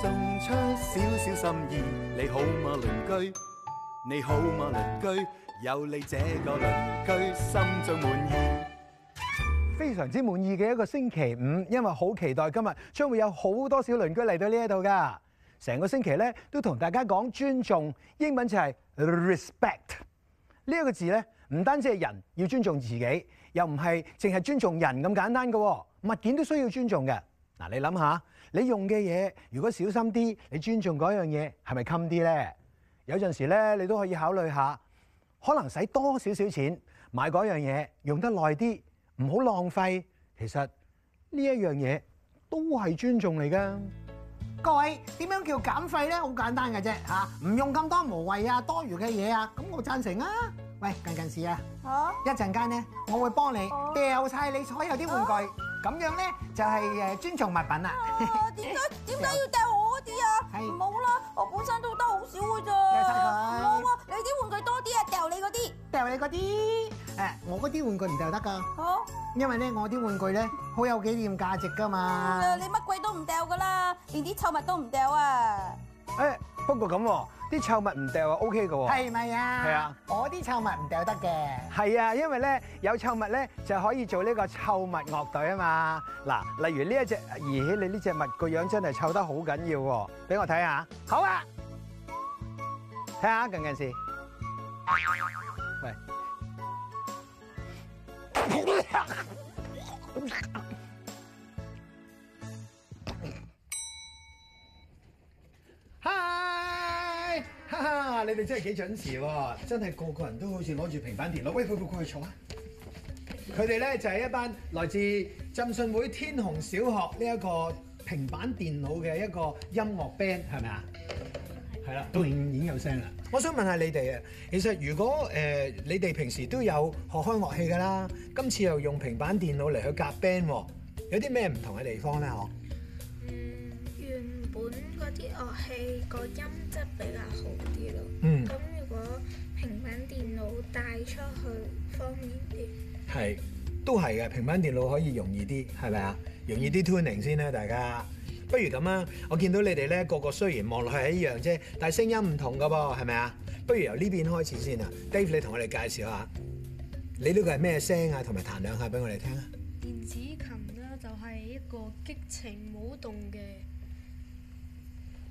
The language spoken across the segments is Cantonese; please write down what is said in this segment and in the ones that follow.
送出少少心意，你好嗎鄰居？你好嗎鄰居？有你這個鄰居，心中滿意。非常之滿意嘅一個星期五，因為好期待今日將會有好多小鄰居嚟到呢一度噶。成個星期咧都同大家講尊重，英文就係 respect。呢一個字咧唔單止係人要尊重自己，又唔係淨係尊重人咁簡單噶，物件都需要尊重嘅。嗱，你諗下。你用嘅嘢，如果小心啲，你尊重嗰樣嘢係咪襟啲咧？有陣時咧，你都可以考慮下，可能使多少少錢買嗰樣嘢，用得耐啲，唔好浪費。其實呢一樣嘢都係尊重嚟噶。各位點樣叫減費咧？好簡單嘅啫嚇，唔用咁多無謂啊、多餘嘅嘢啊，咁我贊成啊。喂，近近時啊，一陣間咧，我會幫你掉晒你所有啲玩具。啊咁樣咧就係誒尊重物品啦。點解，點解要掉我啲啊？冇啦，我本身都得好少嘅咋。掉曬佢。冇啊，你啲玩具多啲啊，掉你嗰啲。掉你嗰啲。誒，我嗰啲玩具唔掉得噶。好，啊。因為咧，我啲玩具咧好有紀念價值噶嘛、嗯。你乜鬼都唔掉噶啦，連啲臭物都唔掉啊。誒、哎。不過咁喎，啲臭襪唔掉啊，OK 嘅喎。係咪啊？係啊，我啲臭襪唔掉得嘅。係啊，因為咧有臭襪咧就可以做呢個臭襪樂隊啊嘛。嗱，例如呢一隻而起，你呢隻襪個樣真係臭得好緊要喎，俾我睇下。好啊，睇下緊唔緊先。喂。你哋真係幾準時喎！真係個個人都好似攞住平板電腦。喂，快快快去坐啊！佢哋咧就係、是、一班來自浸信會天虹小學呢一個平板電腦嘅一個音樂 band，係咪啊？係啦，當然已經有聲啦。我想問下你哋啊，其實如果誒、呃、你哋平時都有學開樂器㗎啦，今次又用平板電腦嚟去夾 band，有啲咩唔同嘅地方咧？喎？樂器個音質比較好啲咯，咁、嗯、如果平板電腦帶出去方便啲，係都係嘅，平板電腦可以容易啲，係咪啊？容易啲 tuning 先啦，大家，不如咁啊，我見到你哋咧個個雖然望落係一樣啫，但係聲音唔同噶噃，係咪啊？不如由呢邊開始先啊，Dave 你同我哋介紹下，你呢個係咩聲啊？同埋彈兩下俾我哋聽啊！電子琴咧，就係一個激情舞動嘅。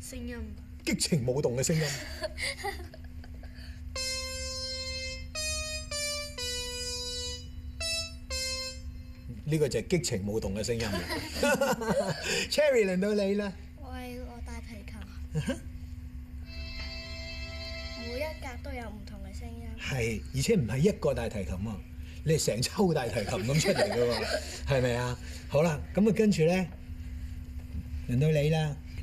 聲音，激情舞動嘅聲音。呢個就係激情舞動嘅聲音。Cherry，輪到你啦。我係我大提琴，每一格都有唔同嘅聲音。係，而且唔係一個大提琴啊，你係成抽大提琴咁出嚟㗎喎，係咪啊？好啦，咁啊跟住咧，輪到你啦。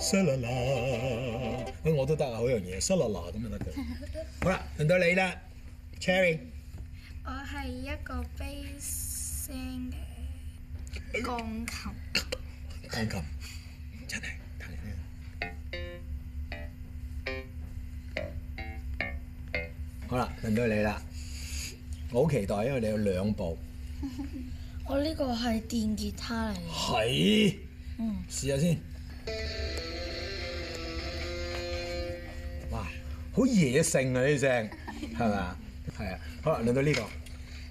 沙啦啦，咁我都得啊，好樣嘢，沙啦啦咁就得嘅。好啦，輪到你啦，Cherry，我係一個悲聲嘅鋼琴，鋼琴，真係彈先。好啦，輪到你啦，我好期待，因為你有兩部。 我呢個係電吉他嚟嘅。係是，嗯，試下先。好野性啊！呢隻係咪啊？係 啊！好，輪到呢、這個。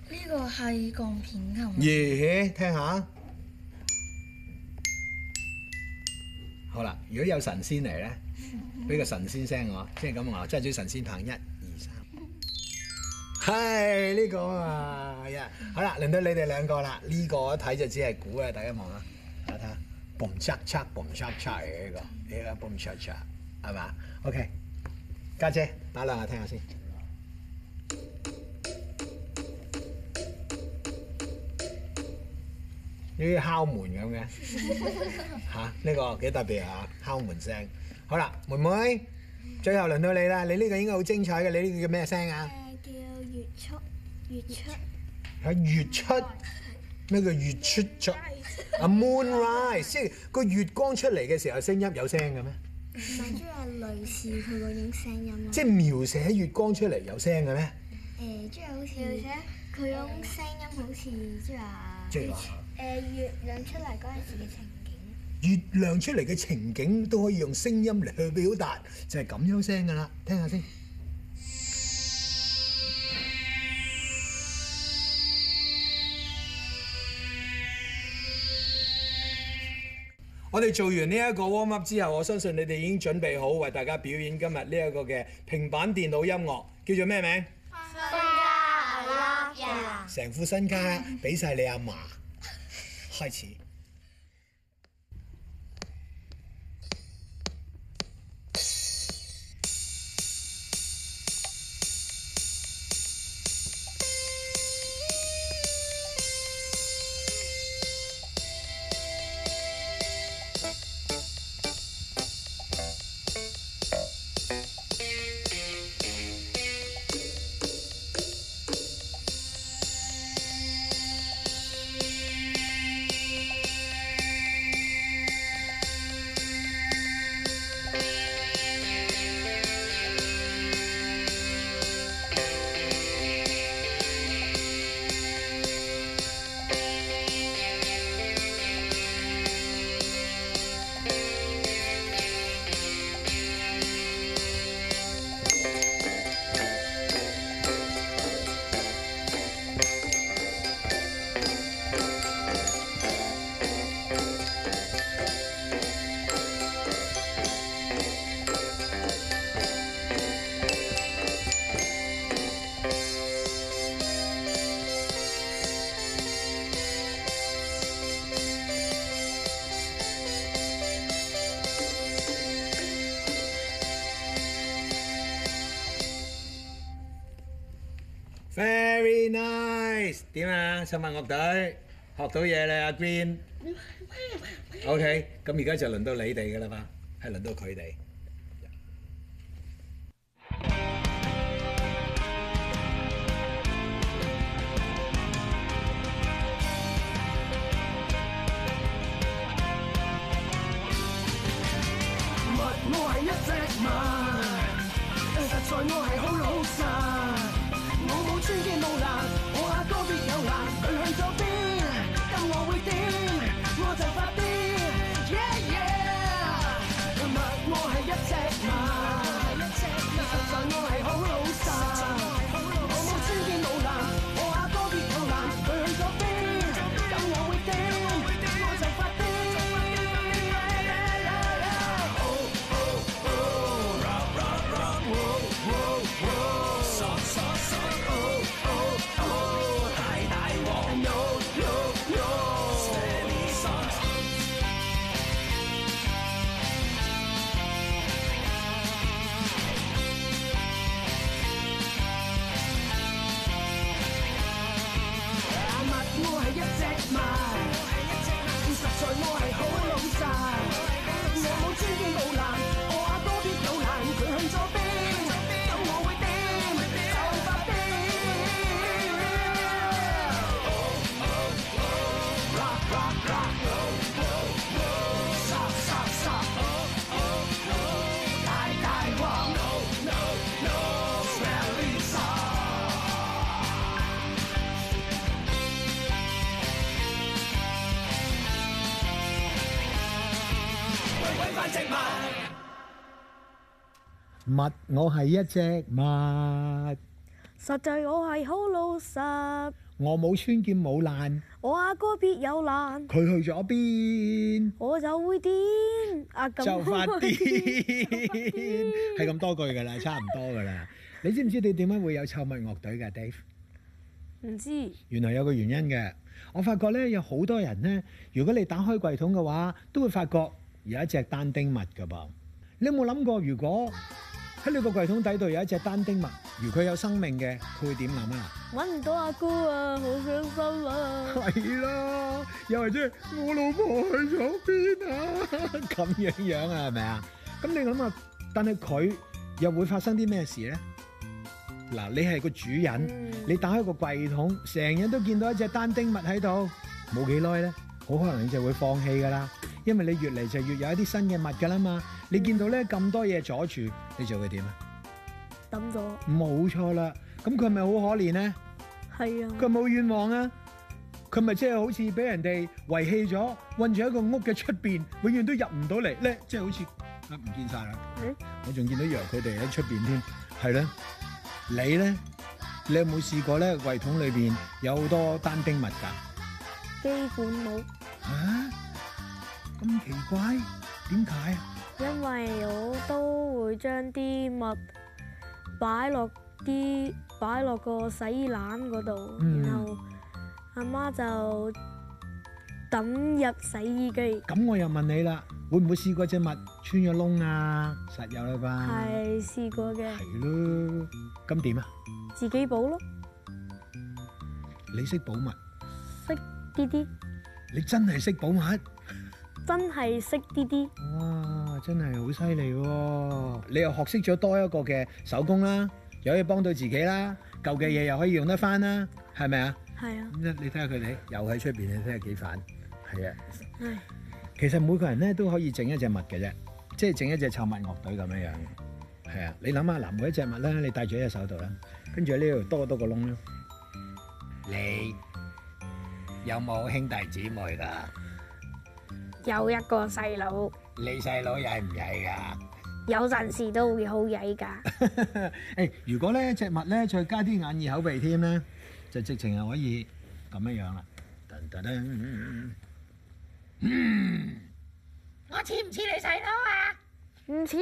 呢個係鋼片琴。耶耶、嗯，聽下。好啦，如果有神仙嚟咧，俾個神仙聲我，先咁話，即係最神仙棒！一、二、三。係呢 個啊，係、yeah、啊！好啦，輪到你哋兩個啦。呢、這個一睇就只係估啊！大家望啦，睇下，boom chop chop，boom chop chop 嘅呢個，呢、 這個 boom chop chop 係嘛？OK 家姐，打兩下聽下先，呢啲敲門咁嘅，嚇呢個幾特別啊！敲門聲，好啦，妹妹，最後輪到你啦，你呢個應該好精彩嘅，你呢個叫咩聲啊？叫月出，月出，係月出咩叫月出出？阿 Moonrise，即係個月光出嚟嘅時候，聲音有聲嘅咩？即係描寫月光出嚟有聲嘅咩？誒、欸，即係好似佢寫佢嗰種聲音好，好似即係話誒月亮出嚟嗰陣時嘅情景。月亮出嚟嘅情，情景都可以用聲音嚟去表達，就係、是、咁樣聲㗎啦，聽下先。我哋做完呢一個 warm up 之後，我相信你哋已經準備好為大家表演今日呢一個嘅平板電腦音樂，叫做咩名？花呀，阿媽呀，成副身家，俾曬你阿媽，開始。臭襪樂隊學到嘢啦，阿 Green。OK，咁而家就輪到你哋嘅啦嘛，係輪到佢哋。襪，我係一隻襪。實際我係好老實。我冇穿箭冇爛。我阿哥必有爛。佢去咗邊？我就會癲。阿、啊、就發癲，咁多句係咁多句㗎啦，差唔多㗎啦。 你知唔知你點解會有臭襪樂隊㗎，Dave？唔知。原來有個原因嘅。我發覺咧，有好多人咧，如果你打開櫃桶嘅話，都會發覺有一隻單丁襪㗎噃。你有冇諗過如果？喺你個櫃桶底度有一隻單丁襪，如佢有生命嘅，佢會點諗啊？搵唔到阿哥啊，好傷心啊！係啦， 又或者我老婆去咗邊啊？咁 樣樣啊，係咪啊？咁你諗下，但係佢又會發生啲咩事咧？嗱，你係個主人，嗯、你打開個櫃桶，成日都見到一隻單丁襪喺度，冇幾耐咧，好可能你就會放棄噶啦，因為你越嚟就越，越有一啲新嘅襪噶啦嘛。你見到咧，咁多嘢阻住，你做佢點啊？抌咗。冇錯啦，咁佢咪好可憐咧？係啊。佢冇願望啊，佢咪即係好似俾人哋遺棄咗，困住喺個屋嘅出邊，永遠都入唔到嚟咧，即係好似唔見曬啦。我仲見到羊佢哋喺出邊添，係咧。你咧，你有冇試過咧，櫃桶裏邊有好多單丁物㗎？基本冇。嚇？咁奇怪，點解啊？因為我都會將啲襪擺落啲擺落個洗衣籃嗰度，然後阿媽就抌入洗衣機。咁我又問你啦，會唔會試過隻襪穿咗窿啊？實有啦吧。係試過嘅。係咯，咁點啊？自己補咯。你識補襪？識啲啲。你真係識補襪？真係識啲啲。真係好犀利喎！你又學識咗多一個嘅手工啦，又可以幫到自己啦，舊嘅嘢又可以用得翻啦，係咪、嗯、吧啊？係啊！你睇下佢哋又喺出邊，你睇下幾反，係啊！係。其實每個人咧都可以整一隻襪嘅啫，即係整一隻臭襪樂隊咁樣樣。係啊，你諗下啦，每一隻襪咧，你帶住一喺手度啦，跟住呢度多多個窿咯。嗯、你有冇兄弟姊妹噶？有一個細佬，你細佬曳唔曳噶？有陣時都會好曳噶。誒，如果咧隻物咧再加啲眼耳口鼻添咧，就直情係可以咁樣樣啦。我似唔似你細佬啊？唔似。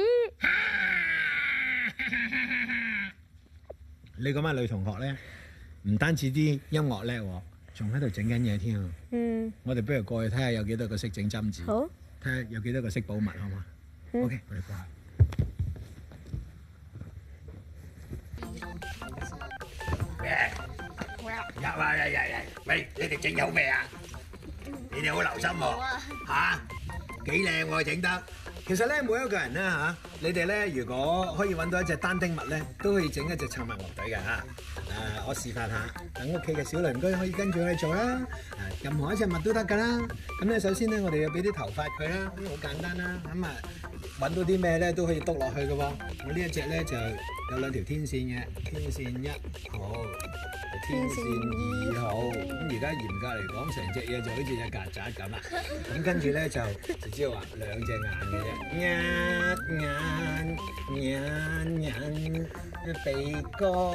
你咁嘅女同學咧，唔單止啲音樂叻喎。仲喺度整緊嘢添，我哋不如過去睇下有幾多個識整針子，睇下有幾多個識保密，好嗎？OK，我哋過去。嚟，入嚟嚟嚟，你你哋整好未啊？你哋好留心喎，嚇幾靚喎整得。其實咧，每一個人咧嚇，你哋咧如果可以搵到一隻單丁襪咧，都可以整一隻臭襪樂隊嘅嚇。誒，我示範下，等屋企嘅小鄰居可以跟住我哋做啦。誒，任何一隻物都得噶啦。咁咧，首先咧，我哋要俾啲頭髮佢啦，咁好簡單啦。咁啊，揾到啲咩咧都可以篤落去嘅喎。我呢一隻咧就有兩條天線嘅，天線一號，天線二號。咁而家嚴格嚟講，成隻嘢就好似隻曱甴咁啊。咁跟住咧就直接話兩隻眼嘅啫，呀呀呀呀，鼻哥。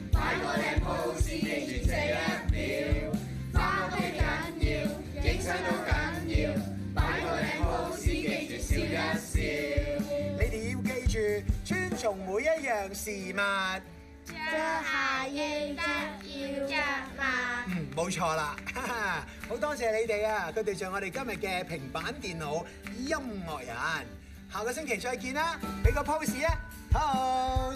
下應得要着嘛，嗯，冇錯啦，哈哈，好多謝你哋啊，佢哋仲有我哋今日嘅平板電腦音樂人，下個星期再見啦，俾個 pose 啊，Hello。